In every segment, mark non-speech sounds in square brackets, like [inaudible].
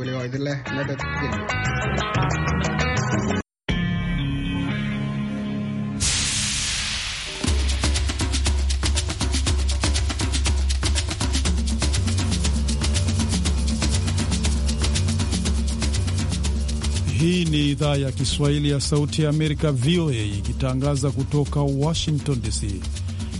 weliba idinleh nadad Hii ni idhaa ya Kiswahili ya Sauti ya Amerika, VOA, ikitangaza kutoka Washington DC.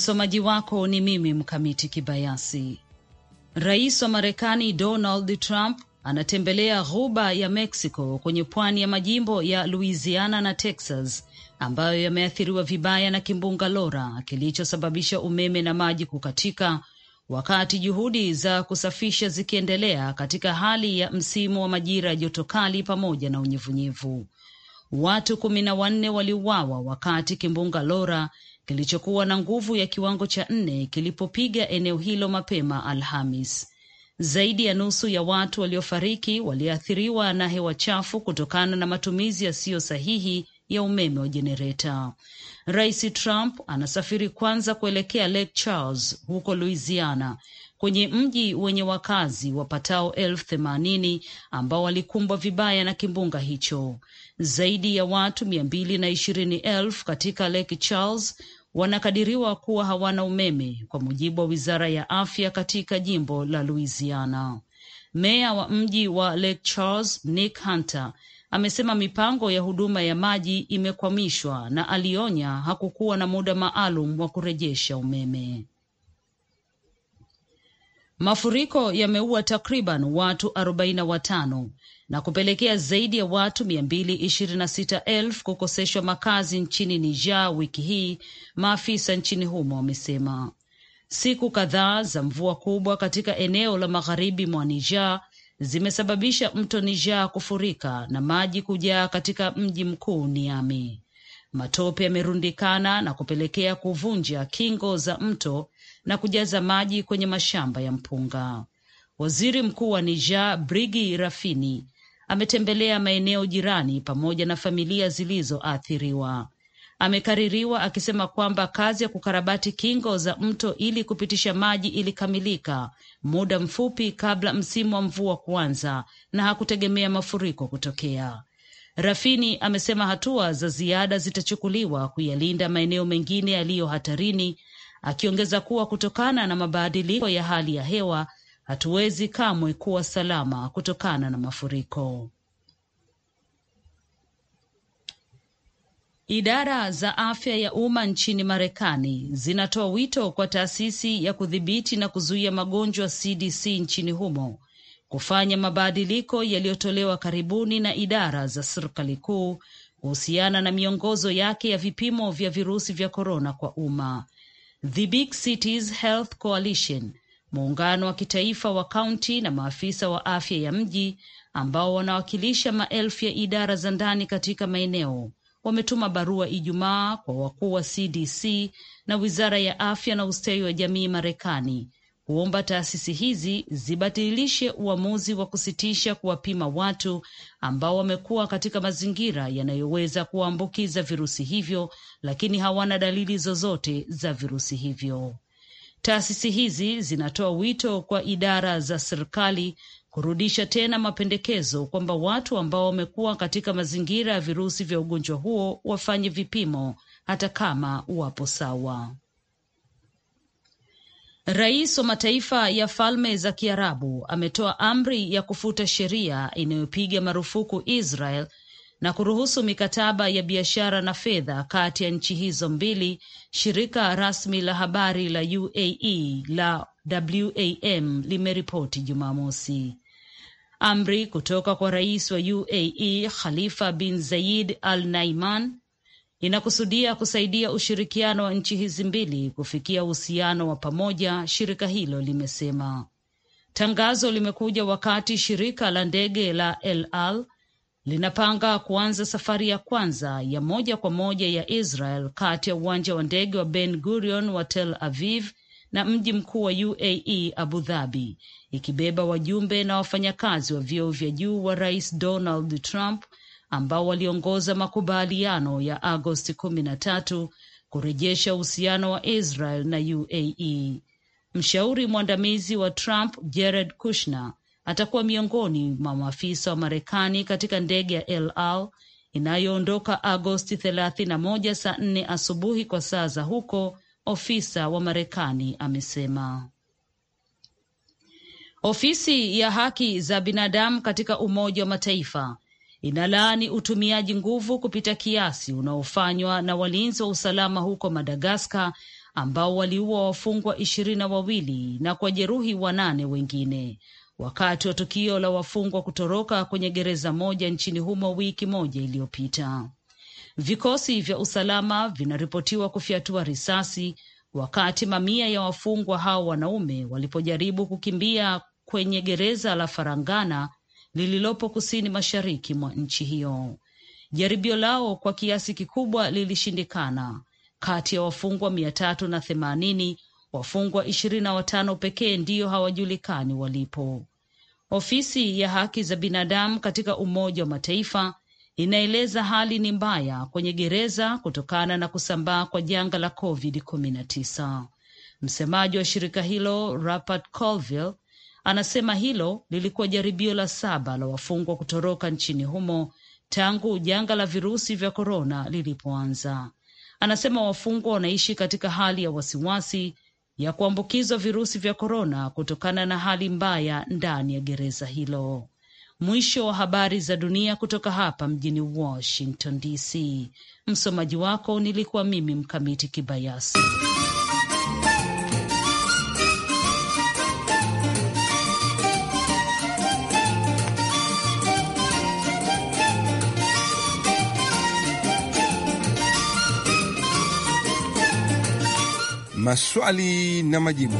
Msomaji wako ni mimi Mkamiti Kibayasi. Rais wa Marekani Donald Trump anatembelea ghuba ya Mexico kwenye pwani ya majimbo ya Louisiana na Texas ambayo yameathiriwa vibaya na kimbunga Laura kilichosababisha umeme na maji kukatika, wakati juhudi za kusafisha zikiendelea katika hali ya msimu wa majira ya joto kali pamoja na unyevunyevu. Watu kumi na wanne waliuawa wakati kimbunga Laura kilichokuwa na nguvu ya kiwango cha nne kilipopiga eneo hilo mapema Alhamis. Zaidi ya nusu ya watu waliofariki waliathiriwa na hewa chafu kutokana na matumizi yasiyo sahihi ya umeme wa jenereta. Rais Trump anasafiri kwanza kuelekea Lake Charles huko Louisiana, kwenye mji wenye wakazi wapatao elfu themanini ambao walikumbwa vibaya na kimbunga hicho. Zaidi ya watu mia mbili na ishirini elfu katika Lake Charles wanakadiriwa kuwa hawana umeme, kwa mujibu wa wizara ya afya katika jimbo la Louisiana. Meya wa mji wa Lake Charles Nick Hunter amesema mipango ya huduma ya maji imekwamishwa na alionya hakukuwa na muda maalum wa kurejesha umeme. Mafuriko yameua takriban watu 45 na kupelekea zaidi ya watu 226,000 kukoseshwa makazi nchini Niger wiki hii, maafisa nchini humo wamesema. Siku kadhaa za mvua kubwa katika eneo la magharibi mwa Niger zimesababisha mto Niger kufurika na maji kujaa katika mji mkuu Niamey. Matope yamerundikana na kupelekea kuvunja kingo za mto na kujaza maji kwenye mashamba ya mpunga. Waziri Mkuu wa Niger Brigi Rafini ametembelea maeneo jirani pamoja na familia zilizoathiriwa. Amekaririwa akisema kwamba kazi ya kukarabati kingo za mto ili kupitisha maji ilikamilika muda mfupi kabla msimu wa mvua kuanza na hakutegemea mafuriko kutokea. Rafini amesema hatua za ziada zitachukuliwa kuyalinda maeneo mengine yaliyo hatarini akiongeza kuwa kutokana na mabadiliko ya hali ya hewa hatuwezi kamwe kuwa salama kutokana na mafuriko. Idara za afya ya umma nchini Marekani zinatoa wito kwa taasisi ya kudhibiti na kuzuia magonjwa CDC nchini humo kufanya mabadiliko yaliyotolewa karibuni na idara za serikali kuu kuhusiana na miongozo yake ya vipimo vya virusi vya korona kwa umma The Big Cities Health Coalition, muungano wa kitaifa wa kaunti na maafisa wa afya ya mji ambao wanawakilisha maelfu ya idara za ndani katika maeneo wametuma barua Ijumaa kwa wakuu wa CDC na wizara ya afya na ustawi wa jamii Marekani kuomba taasisi hizi zibatilishe uamuzi wa kusitisha kuwapima watu ambao wamekuwa katika mazingira yanayoweza kuwaambukiza virusi hivyo, lakini hawana dalili zozote za virusi hivyo. Taasisi hizi zinatoa wito kwa idara za serikali kurudisha tena mapendekezo kwamba watu ambao wamekuwa katika mazingira ya virusi vya ugonjwa huo wafanye vipimo hata kama wapo sawa. Rais wa Mataifa ya Falme za Kiarabu ametoa amri ya kufuta sheria inayopiga marufuku Israel na kuruhusu mikataba ya biashara na fedha kati ya nchi hizo mbili. Shirika rasmi la habari la UAE la WAM limeripoti Jumamosi. Amri kutoka kwa rais wa UAE Khalifa bin Zayid Al Naiman linakusudia kusaidia ushirikiano wa nchi hizi mbili kufikia uhusiano wa pamoja, shirika hilo limesema. Tangazo limekuja wakati shirika la ndege la El Al linapanga kuanza safari ya kwanza ya moja kwa moja ya Israel kati ya uwanja wa ndege wa Ben Gurion wa Tel Aviv na mji mkuu wa UAE Abu Dhabi, ikibeba wajumbe na wafanyakazi wa vyeo vya juu wa Rais Donald Trump ambao waliongoza makubaliano ya Agosti kumi na tatu kurejesha uhusiano wa Israel na UAE. Mshauri mwandamizi wa Trump Jared Kushner atakuwa miongoni mwa maafisa wa Marekani katika ndege ya El Al inayoondoka Agosti 31 saa 4 asubuhi kwa saa za huko, ofisa wa Marekani amesema. Ofisi ya haki za binadamu katika Umoja wa Mataifa inalaani utumiaji nguvu kupita kiasi unaofanywa na walinzi wa usalama huko Madagaskar ambao waliua wafungwa ishirini na wawili na kwa jeruhi wanane wengine wakati wa tukio la wafungwa kutoroka kwenye gereza moja nchini humo wiki moja iliyopita. Vikosi vya usalama vinaripotiwa kufyatua risasi wakati mamia ya wafungwa hao wanaume walipojaribu kukimbia kwenye gereza la Farangana lililopo kusini mashariki mwa nchi hiyo. Jaribio lao kwa kiasi kikubwa lilishindikana. Kati ya wafungwa mia tatu na themanini, wafungwa ishirini na watano pekee ndiyo hawajulikani walipo. Ofisi ya haki za binadamu katika Umoja wa Mataifa inaeleza hali ni mbaya kwenye gereza kutokana na kusambaa kwa janga la COVID-19. Msemaji wa shirika hilo Rupert Colville Anasema hilo lilikuwa jaribio la saba la wafungwa kutoroka nchini humo tangu janga la virusi vya korona lilipoanza. Anasema wafungwa wanaishi katika hali ya wasiwasi ya kuambukizwa virusi vya korona kutokana na hali mbaya ndani ya gereza hilo. Mwisho wa habari za dunia kutoka hapa mjini Washington DC. Msomaji wako nilikuwa mimi Mkamiti Kibayasi. maswali na majibu.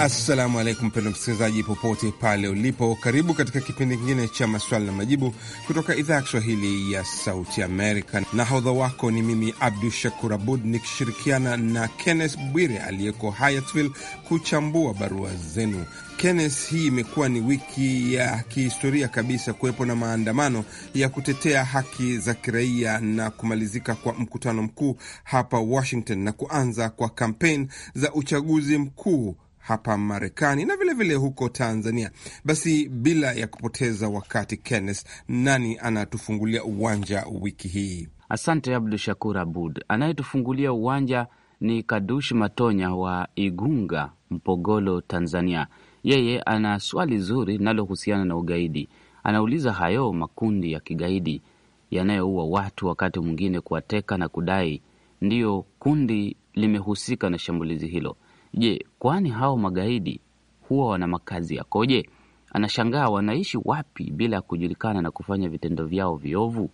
Assalamu alaikum, mpendo msikilizaji, popote pale ulipo, karibu katika kipindi kingine cha maswali na majibu kutoka idhaa ya Kiswahili ya Sauti Amerika. Nahodha wako ni mimi Abdu Shakur Abud nikishirikiana na Kenneth Bwire aliyeko Hyattville kuchambua barua zenu. Kenneth, hii imekuwa ni wiki ya kihistoria kabisa, kuwepo na maandamano ya kutetea haki za kiraia na kumalizika kwa mkutano mkuu hapa Washington na kuanza kwa kampeni za uchaguzi mkuu hapa Marekani na vilevile vile huko Tanzania. Basi bila ya kupoteza wakati, Kenneth, nani anatufungulia uwanja wiki hii? Asante Abdu Shakur Abud. Anayetufungulia uwanja ni Kadushi Matonya wa Igunga, Mpogolo, Tanzania. Yeye ana swali zuri linalohusiana na ugaidi. Anauliza, hayo makundi ya kigaidi yanayoua watu, wakati mwingine kuwateka na kudai ndiyo kundi limehusika na shambulizi hilo, Je, kwani hao magaidi huwa wana makazi yakoje? Anashangaa wanaishi wapi bila ya kujulikana na kufanya vitendo vyao viovu.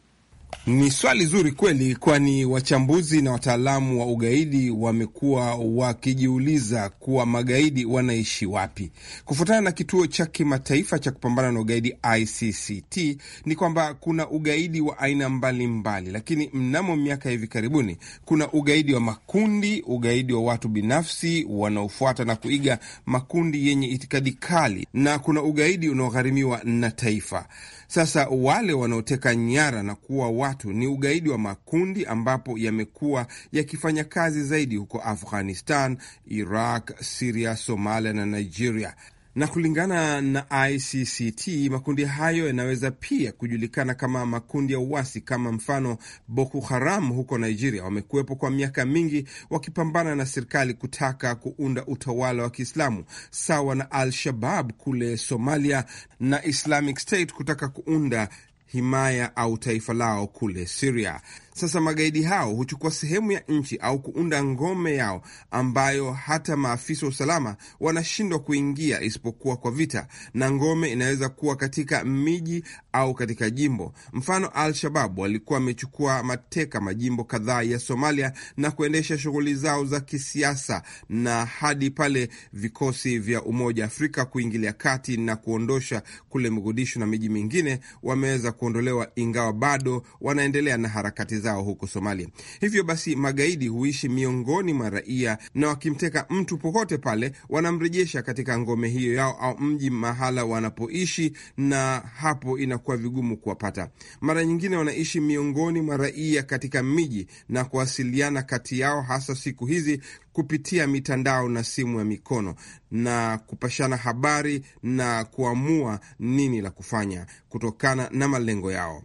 Ni swali zuri kweli, kwani wachambuzi na wataalamu wa ugaidi wamekuwa wakijiuliza kuwa magaidi wanaishi wapi. Kufuatana na kituo cha kimataifa cha kupambana na ugaidi ICCT, ni kwamba kuna ugaidi wa aina mbalimbali mbali, lakini mnamo miaka hivi karibuni kuna ugaidi wa makundi, ugaidi wa watu binafsi wanaofuata na kuiga makundi yenye itikadi kali, na kuna ugaidi unaogharimiwa na taifa. Sasa wale wanaoteka nyara na kuua watu ni ugaidi wa makundi ambapo yamekuwa yakifanya kazi zaidi huko Afghanistan, Iraq, Siria, Somalia na Nigeria, na kulingana na ICCT makundi hayo yanaweza pia kujulikana kama makundi ya uasi, kama mfano Boko Haram huko Nigeria. Wamekuwepo kwa miaka mingi wakipambana na serikali kutaka kuunda utawala wa Kiislamu, sawa na Al-Shabab kule Somalia na Islamic State kutaka kuunda himaya au taifa lao kule Siria. Sasa magaidi hao huchukua sehemu ya nchi au kuunda ngome yao ambayo hata maafisa wa usalama wanashindwa kuingia isipokuwa kwa vita, na ngome inaweza kuwa katika miji au katika jimbo. Mfano, Al-Shabab walikuwa wamechukua mateka majimbo kadhaa ya Somalia na kuendesha shughuli zao za kisiasa, na hadi pale vikosi vya Umoja wa Afrika kuingilia kati na kuondosha kule Mogadishu na miji mingine, wameweza kuondolewa, ingawa bado wanaendelea na harakati zao huko Somalia. Hivyo basi, magaidi huishi miongoni mwa raia, na wakimteka mtu popote pale wanamrejesha katika ngome hiyo yao au mji mahala wanapoishi, na hapo inakuwa vigumu kuwapata. Mara nyingine wanaishi miongoni mwa raia katika miji na kuwasiliana kati yao, hasa siku hizi kupitia mitandao na simu ya mikono na kupashana habari na kuamua nini la kufanya kutokana na malengo yao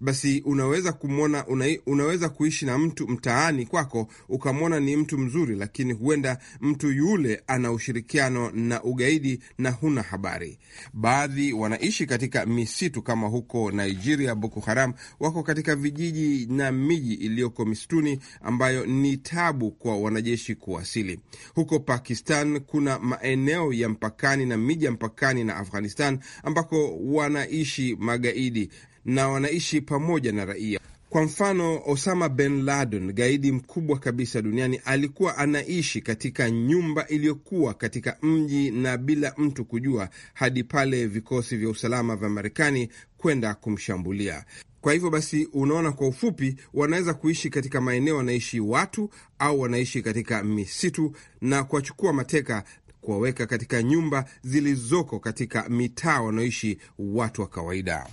basi unaweza kumwona una, unaweza kuishi na mtu mtaani kwako ukamwona ni mtu mzuri, lakini huenda mtu yule ana ushirikiano na ugaidi na huna habari. Baadhi wanaishi katika misitu kama huko Nigeria. Boko Haram wako katika vijiji na miji iliyoko misituni ambayo ni tabu kwa wanajeshi kuwasili. Huko Pakistan kuna maeneo ya mpakani na miji ya mpakani na Afghanistan ambako wanaishi magaidi na wanaishi pamoja na raia. Kwa mfano, Osama bin Laden, gaidi mkubwa kabisa duniani, alikuwa anaishi katika nyumba iliyokuwa katika mji na bila mtu kujua, hadi pale vikosi vya usalama vya Marekani kwenda kumshambulia. Kwa hivyo basi, unaona, kwa ufupi, wanaweza kuishi katika maeneo wanaishi watu au wanaishi katika misitu na kuwachukua mateka kuwaweka katika nyumba zilizoko katika mitaa wanaoishi watu wa kawaida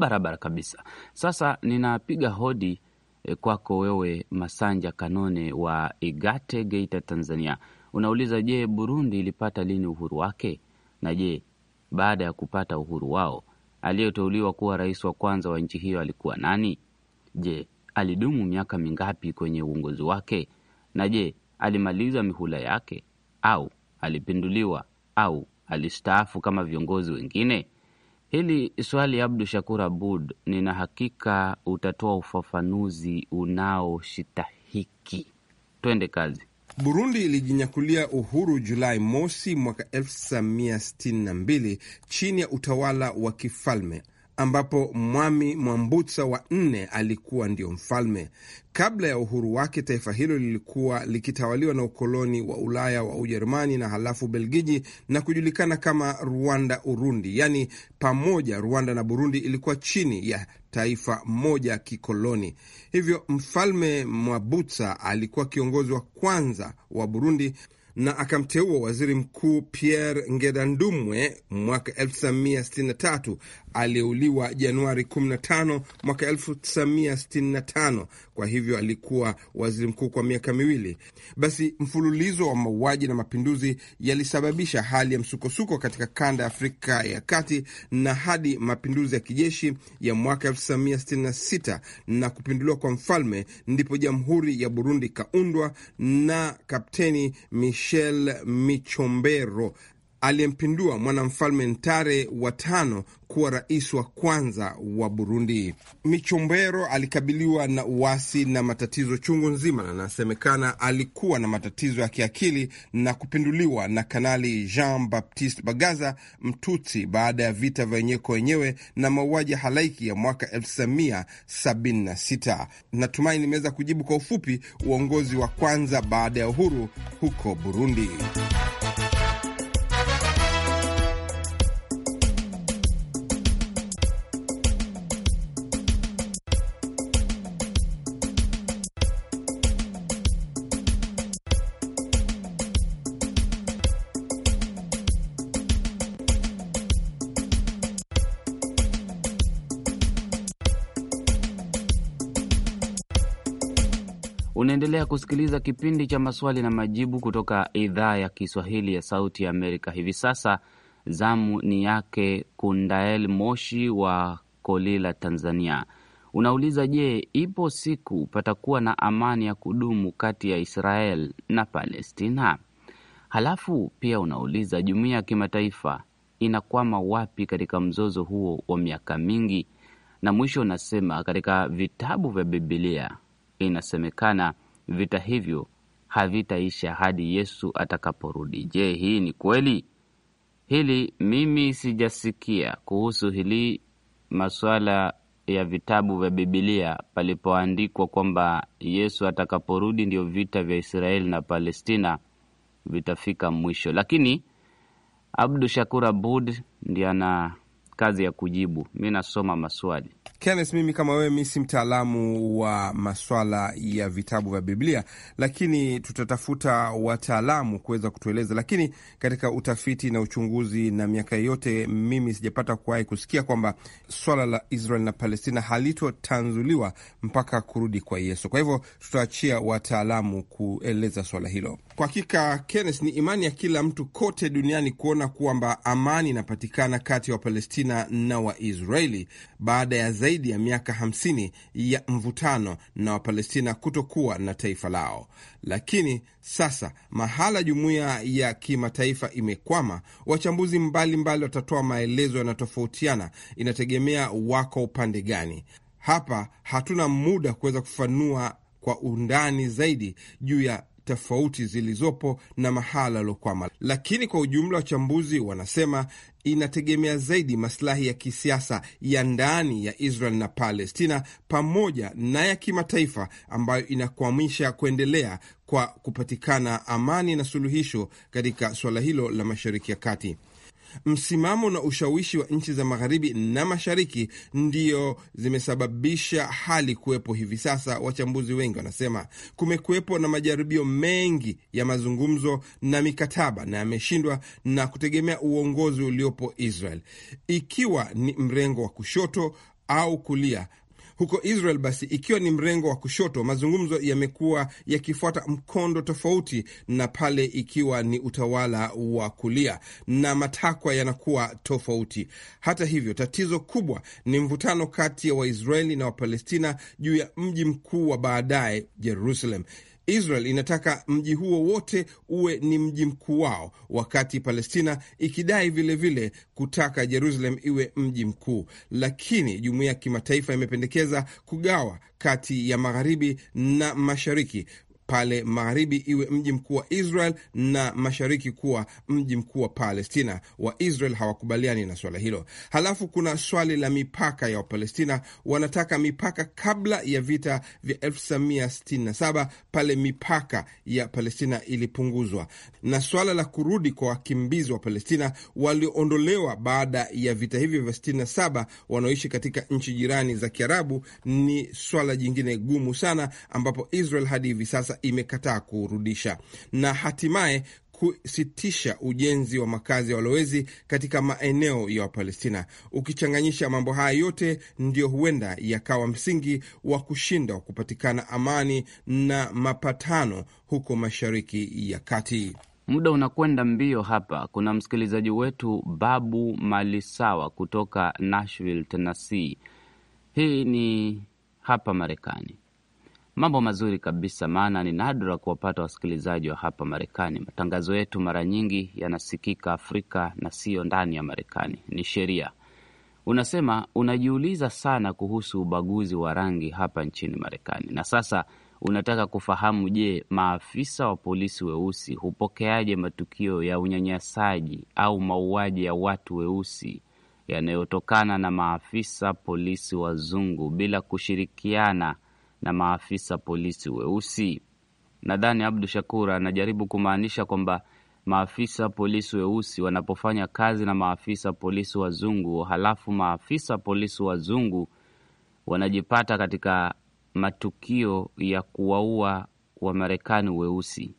barabara kabisa. Sasa ninapiga hodi eh, kwako wewe Masanja Kanone wa Igate, Geita, Tanzania. Unauliza, je, Burundi ilipata lini uhuru wake? Na je, baada ya kupata uhuru wao aliyeteuliwa kuwa rais wa kwanza wa nchi hiyo alikuwa nani? Je, alidumu miaka mingapi kwenye uongozi wake? Na je, alimaliza mihula yake au alipinduliwa au alistaafu kama viongozi wengine? Hili swali Abdu Shakur Abud, nina hakika utatoa ufafanuzi unaoshitahiki. Twende kazi. Burundi ilijinyakulia uhuru Julai mosi mwaka 1962 chini ya utawala wa kifalme ambapo Mwami Mwambutsa wa nne alikuwa ndio mfalme. Kabla ya uhuru wake, taifa hilo lilikuwa likitawaliwa na ukoloni wa Ulaya wa Ujerumani na halafu belgiji na kujulikana kama Rwanda Urundi, yaani pamoja Rwanda na Burundi ilikuwa chini ya taifa moja kikoloni. Hivyo Mfalme Mwambutsa alikuwa kiongozi wa kwanza wa Burundi na akamteua waziri mkuu Pierre Ngedandumwe mwaka 1963 aliyeuliwa Januari 15 mwaka 1965. Kwa hivyo alikuwa waziri mkuu kwa miaka miwili. Basi mfululizo wa mauaji na mapinduzi yalisababisha hali ya msukosuko katika kanda ya Afrika ya Kati, na hadi mapinduzi ya kijeshi ya mwaka 1966 na kupinduliwa kwa mfalme, ndipo jamhuri ya Burundi ikaundwa na Kapteni Michel Michombero aliyempindua mwanamfalme Ntare wa tano kuwa rais wa kwanza wa Burundi. Michombero alikabiliwa na uasi na matatizo chungu nzima, na anasemekana alikuwa na matatizo ya kiakili na kupinduliwa na Kanali Jean Baptiste Bagaza Mtutsi baada ya vita vya wenyewe kwa wenyewe na mauaji halaiki ya mwaka 1976. Natumai nimeweza kujibu kwa ufupi uongozi wa kwanza baada ya uhuru huko Burundi. Unaendelea kusikiliza kipindi cha maswali na majibu kutoka idhaa ya Kiswahili ya Sauti ya Amerika. Hivi sasa zamu ni yake Kundael Moshi wa Kolila, Tanzania. Unauliza, je, ipo siku patakuwa na amani ya kudumu kati ya Israel na Palestina? Halafu pia unauliza jumuiya ya kimataifa inakwama wapi katika mzozo huo wa miaka mingi, na mwisho unasema katika vitabu vya Bibilia inasemekana Vita hivyo havitaisha hadi Yesu atakaporudi. Je, hii ni kweli? Hili mimi sijasikia kuhusu hili masuala ya vitabu vya Bibilia palipoandikwa kwamba Yesu atakaporudi ndio vita vya Israeli na Palestina vitafika mwisho, lakini Abdu Shakur Abud ndiye ana kazi ya kujibu. Mi nasoma maswali. Kenneth, mimi kama wewe, mi si mtaalamu wa maswala ya vitabu vya Biblia, lakini tutatafuta wataalamu kuweza kutueleza. Lakini katika utafiti na uchunguzi na miaka yote, mimi sijapata kuwahi kusikia kwamba swala la Israel na Palestina halitotanzuliwa mpaka kurudi kwa Yesu. Kwa hivyo tutaachia wataalamu kueleza swala hilo. Kwa hakika, Kenneth, ni imani ya kila mtu kote duniani kuona kwamba amani inapatikana kati ya Wapalestina na Waisraeli baada ya zaidi ya miaka 50 ya mvutano na Wapalestina kutokuwa na taifa lao. Lakini sasa mahala jumuiya ya kimataifa imekwama, wachambuzi mbalimbali watatoa maelezo yanayotofautiana, inategemea wako upande gani. Hapa hatuna muda kuweza kufanua kwa undani zaidi juu ya tofauti zilizopo na mahala aliokwama, lakini kwa ujumla wachambuzi wanasema inategemea zaidi masilahi ya kisiasa ya ndani ya Israel na Palestina pamoja na ya kimataifa ambayo inakwamisha kuendelea kwa kupatikana amani na suluhisho katika suala hilo la Mashariki ya Kati msimamo na ushawishi wa nchi za magharibi na mashariki ndiyo zimesababisha hali kuwepo hivi sasa. Wachambuzi wengi wanasema kumekuwepo na majaribio mengi ya mazungumzo na mikataba na yameshindwa, na kutegemea uongozi uliopo Israel, ikiwa ni mrengo wa kushoto au kulia huko Israel basi, ikiwa ni mrengo wa kushoto, mazungumzo yamekuwa yakifuata mkondo tofauti na pale ikiwa ni utawala wa kulia, na matakwa yanakuwa tofauti. Hata hivyo, tatizo kubwa ni mvutano kati ya Waisraeli na Wapalestina juu ya mji mkuu wa baadaye Jerusalem. Israel inataka mji huo wote uwe ni mji mkuu wao, wakati Palestina ikidai vilevile vile kutaka Jerusalem iwe mji mkuu, lakini jumuiya ya kimataifa imependekeza kugawa kati ya magharibi na mashariki pale magharibi iwe mji mkuu wa Israel na mashariki kuwa mji mkuu wa Palestina. Waisrael hawakubaliani na swala hilo. Halafu kuna swali la mipaka ya Wapalestina, wanataka mipaka kabla ya vita vya 1967 pale mipaka ya Palestina ilipunguzwa, na swala la kurudi kwa wakimbizi wa Palestina walioondolewa baada ya vita hivyo vya 67 wanaoishi katika nchi jirani za Kiarabu ni swala jingine gumu sana, ambapo Israel hadi hivi sasa imekataa kurudisha na hatimaye kusitisha ujenzi wa makazi ya walowezi katika maeneo ya Wapalestina. Ukichanganyisha mambo haya yote, ndiyo huenda yakawa msingi wa kushinda wa kupatikana amani na mapatano huko Mashariki ya Kati. Muda unakwenda mbio hapa. Kuna msikilizaji wetu Babu Malisawa kutoka Nashville, Tennessee. Hii ni hapa Marekani. Mambo mazuri kabisa, maana ni nadra kuwapata wasikilizaji wa hapa Marekani. Matangazo yetu mara nyingi yanasikika Afrika na siyo ndani ya Marekani. Ni sheria. Unasema unajiuliza sana kuhusu ubaguzi wa rangi hapa nchini Marekani, na sasa unataka kufahamu, je, maafisa wa polisi weusi hupokeaje matukio ya unyanyasaji au mauaji ya watu weusi yanayotokana na maafisa polisi wazungu bila kushirikiana na maafisa polisi weusi. Nadhani Abdu Shakur anajaribu kumaanisha kwamba maafisa polisi weusi wanapofanya kazi na maafisa polisi wazungu, halafu maafisa polisi wazungu wanajipata katika matukio ya kuwaua Wamarekani weusi.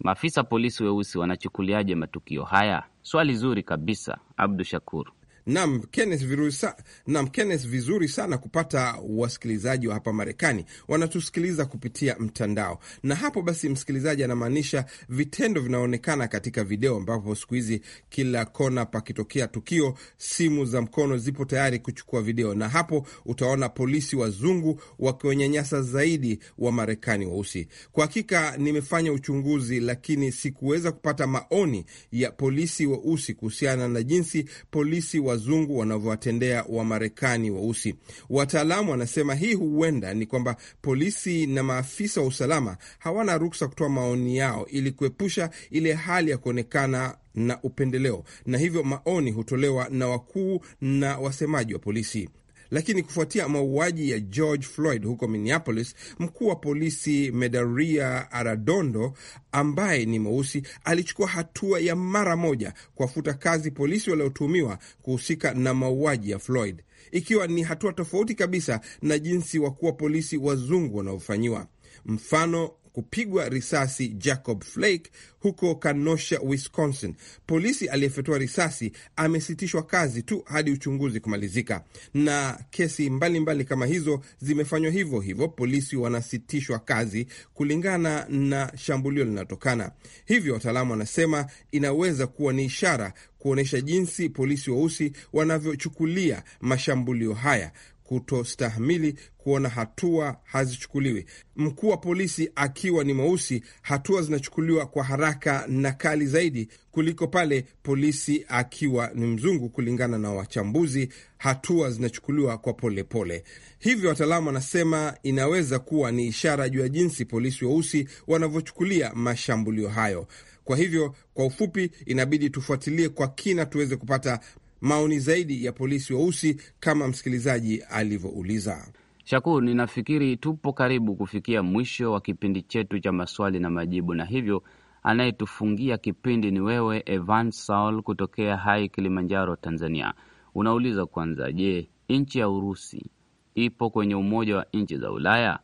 Maafisa polisi weusi wanachukuliaje matukio haya? Swali zuri kabisa, Abdu Shakur. Nam Kenneth, virusa, nam Kenneth, vizuri sana kupata wasikilizaji wa hapa Marekani wanatusikiliza kupitia mtandao. Na hapo basi, msikilizaji anamaanisha vitendo vinaonekana katika video, ambapo siku hizi kila kona pakitokea tukio, simu za mkono zipo tayari kuchukua video, na hapo utaona polisi wazungu wakiwanyanyasa zaidi wa Marekani weusi. Kwa hakika nimefanya uchunguzi, lakini sikuweza kupata maoni ya polisi weusi kuhusiana na jinsi polisi wa wazungu wanavyowatendea Wamarekani weusi. wataalamu wanasema hii huenda ni kwamba polisi na maafisa wa usalama hawana ruksa kutoa maoni yao ili kuepusha ile hali ya kuonekana na upendeleo, na hivyo maoni hutolewa na wakuu na wasemaji wa polisi. Lakini kufuatia mauaji ya George Floyd huko Minneapolis, mkuu wa polisi Medaria Aradondo ambaye ni mweusi alichukua hatua ya mara moja kuwafuta kazi polisi waliotuhumiwa kuhusika na mauaji ya Floyd, ikiwa ni hatua tofauti kabisa na jinsi wakuwa polisi wazungu wanaofanyiwa. Mfano kupigwa risasi Jacob Flake huko Kenosha, Wisconsin. Polisi aliyefyatua risasi amesitishwa kazi tu hadi uchunguzi kumalizika, na kesi mbalimbali mbali kama hizo zimefanywa hivyo hivyo. Polisi wanasitishwa kazi kulingana na shambulio linatokana. hivyo. Wataalamu wanasema inaweza kuwa ni ishara kuonyesha jinsi polisi weusi wanavyochukulia mashambulio haya kutostahimili kuona hatua hazichukuliwi. Mkuu wa polisi akiwa ni mweusi, hatua zinachukuliwa kwa haraka na kali zaidi kuliko pale polisi akiwa ni mzungu. Kulingana na wachambuzi, hatua zinachukuliwa kwa polepole pole. Hivyo wataalamu wanasema inaweza kuwa ni ishara juu ya jinsi polisi weusi wanavyochukulia mashambulio hayo. Kwa hivyo, kwa ufupi, inabidi tufuatilie kwa kina tuweze kupata maoni zaidi ya polisi weusi kama msikilizaji alivyouliza. Shakur, ninafikiri tupo karibu kufikia mwisho wa kipindi chetu cha maswali na majibu, na hivyo anayetufungia kipindi ni wewe Evan Saul kutokea Hai, Kilimanjaro, Tanzania. Unauliza kwanza, je, nchi ya Urusi ipo kwenye umoja wa nchi za Ulaya?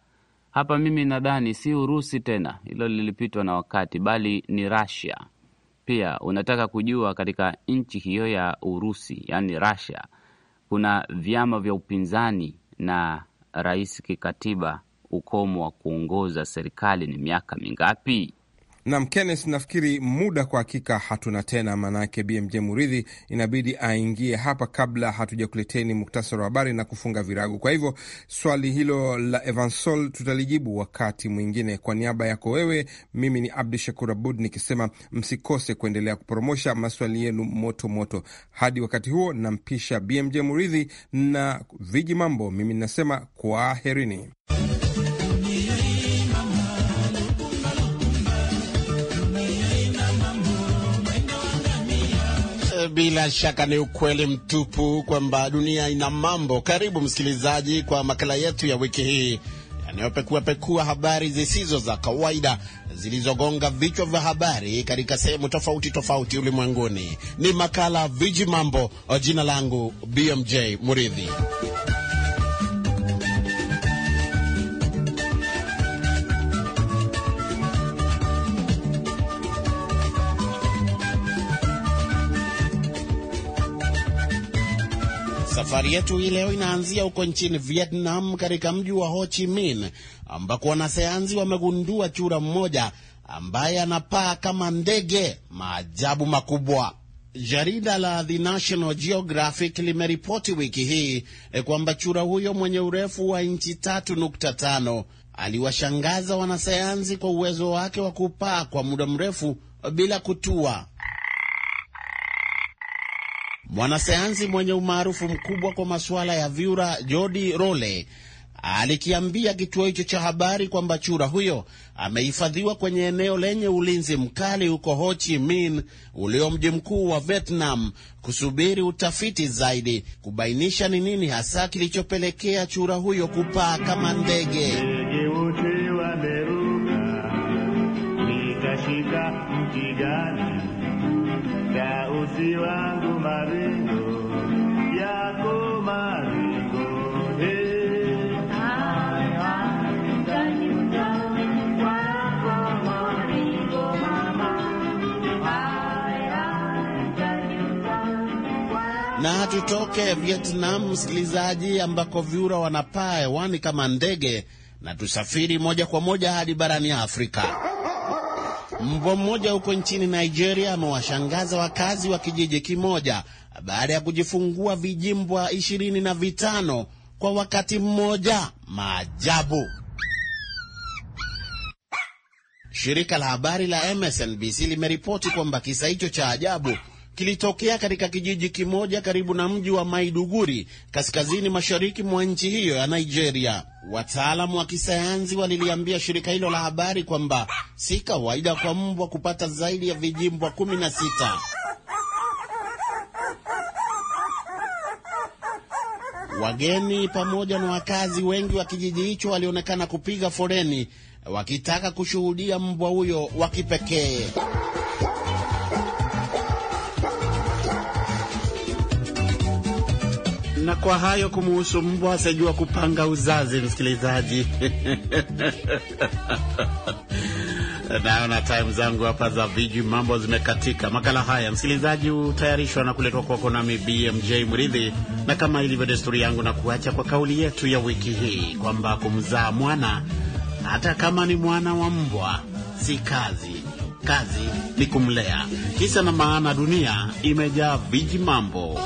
Hapa mimi nadhani si Urusi tena, hilo lilipitwa na wakati, bali ni Rasia. Pia unataka kujua katika nchi hiyo ya Urusi yaani Russia kuna vyama vya upinzani na rais kikatiba ukomo wa kuongoza serikali ni miaka mingapi? Nam Kennes, nafikiri muda kwa hakika hatuna tena, maanake BMJ Muridhi inabidi aingie hapa kabla hatujakuleteni muktasari wa habari na kufunga virago. Kwa hivyo swali hilo la Evansol tutalijibu wakati mwingine. Kwa niaba yako wewe, mimi ni Abdu Shakur Abud nikisema msikose kuendelea kupromosha maswali yenu moto moto. Hadi wakati huo, nampisha BMJ Muridhi na viji mambo. Mimi ninasema kwaherini. Bila shaka ni ukweli mtupu kwamba dunia ina mambo. Karibu msikilizaji, kwa makala yetu ya wiki hii yanayopekuapekua habari zisizo za kawaida zilizogonga vichwa vya habari katika sehemu tofauti tofauti ulimwenguni. Ni makala Viji Mambo. Jina langu BMJ Muridhi. Safari yetu hii leo inaanzia huko nchini Vietnam, katika mji wa Ho Chi Minh ambako wanasayansi wamegundua chura mmoja ambaye anapaa kama ndege. Maajabu makubwa! Jarida la The National Geographic limeripoti wiki hii e, kwamba chura huyo mwenye urefu wa inchi 3.5 aliwashangaza wanasayansi kwa uwezo wake wa kupaa kwa muda mrefu bila kutua Mwanasayansi mwenye umaarufu mkubwa kwa masuala ya vyura Jodi Role alikiambia kituo hicho cha habari kwamba chura huyo amehifadhiwa kwenye eneo lenye ulinzi mkali huko Ho Chi Minh ulio mji mkuu wa Vietnam kusubiri utafiti zaidi kubainisha ni nini hasa kilichopelekea chura huyo kupaa kama ndege. Eh. na tutoke Vietnam, msikilizaji, ambako vyura wanapaa hewani kama ndege, na tusafiri moja kwa moja hadi barani Afrika. Mbwa mmoja huko nchini Nigeria amewashangaza wakazi wa kijiji kimoja baada ya kujifungua vijimbwa ishirini na vitano kwa wakati mmoja. Maajabu! Shirika la habari la MSNBC limeripoti kwamba kisa hicho cha ajabu kilitokea katika kijiji kimoja karibu na mji wa Maiduguri kaskazini mashariki mwa nchi hiyo ya Nigeria. Wataalamu wa kisayansi waliliambia shirika hilo la habari kwamba si kawaida kwa mbwa kupata zaidi ya vijimbwa kumi na sita. Wageni pamoja na wakazi wengi wa kijiji hicho walionekana kupiga foleni wakitaka kushuhudia mbwa huyo wa kipekee. na kwa hayo kumuhusu mbwa asijua kupanga uzazi, msikilizaji. [laughs] Naona time zangu hapa za viji mambo zimekatika. Makala haya msikilizaji, hutayarishwa na kuletwa kwako nami BMJ Mridhi, na kama ilivyo desturi yangu, na kuacha kwa kauli yetu ya wiki hii kwamba kumzaa mwana, hata kama ni mwana wa mbwa, si kazi. Kazi ni kumlea. Kisa na maana, dunia imejaa viji mambo.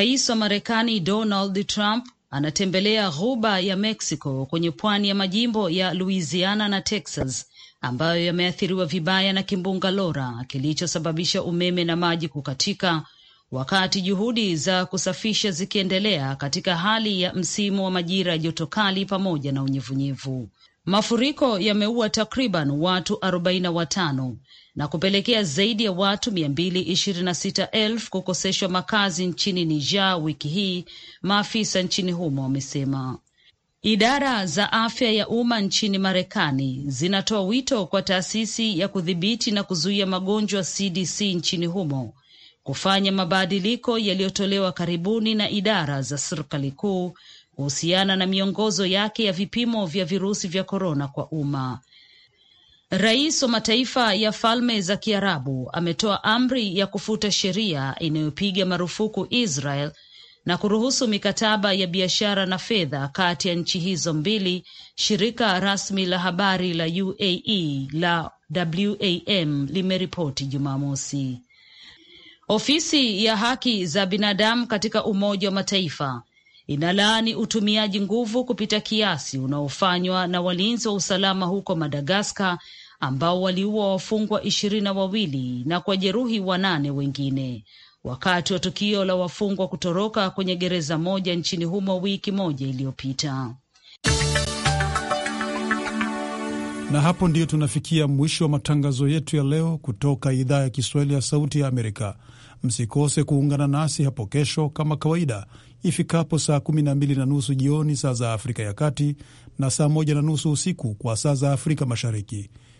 Rais wa Marekani Donald Trump anatembelea ghuba ya Mexico kwenye pwani ya majimbo ya Louisiana na Texas ambayo yameathiriwa vibaya na kimbunga Laura kilichosababisha umeme na maji kukatika, wakati juhudi za kusafisha zikiendelea katika hali ya msimu wa majira ya joto kali pamoja na unyevunyevu. Mafuriko yameua takriban watu arobaini na watano na kupelekea zaidi ya watu 226,000 kukoseshwa makazi nchini Niger wiki hii, maafisa nchini humo wamesema. Idara za afya ya umma nchini Marekani zinatoa wito kwa taasisi ya kudhibiti na kuzuia magonjwa CDC nchini humo kufanya mabadiliko yaliyotolewa karibuni na idara za serikali kuu kuhusiana na miongozo yake ya vipimo vya virusi vya korona kwa umma Rais wa mataifa ya Falme za Kiarabu ametoa amri ya kufuta sheria inayopiga marufuku Israel na kuruhusu mikataba ya biashara na fedha kati ya nchi hizo mbili. Shirika rasmi la habari la UAE la WAM limeripoti Jumamosi. Ofisi ya haki za binadamu katika Umoja wa Mataifa inalaani utumiaji nguvu kupita kiasi unaofanywa na walinzi wa usalama huko Madagaskar ambao waliua wafungwa ishirini na wawili na kwa jeruhi wanane wengine wakati wa tukio la wafungwa kutoroka kwenye gereza moja nchini humo wiki moja iliyopita. Na hapo ndiyo tunafikia mwisho wa matangazo yetu ya leo kutoka idhaa ya Kiswahili ya Sauti ya Amerika. Msikose kuungana nasi hapo kesho kama kawaida ifikapo saa kumi na mbili na nusu jioni saa za Afrika ya Kati na saa moja na nusu usiku kwa saa za Afrika Mashariki.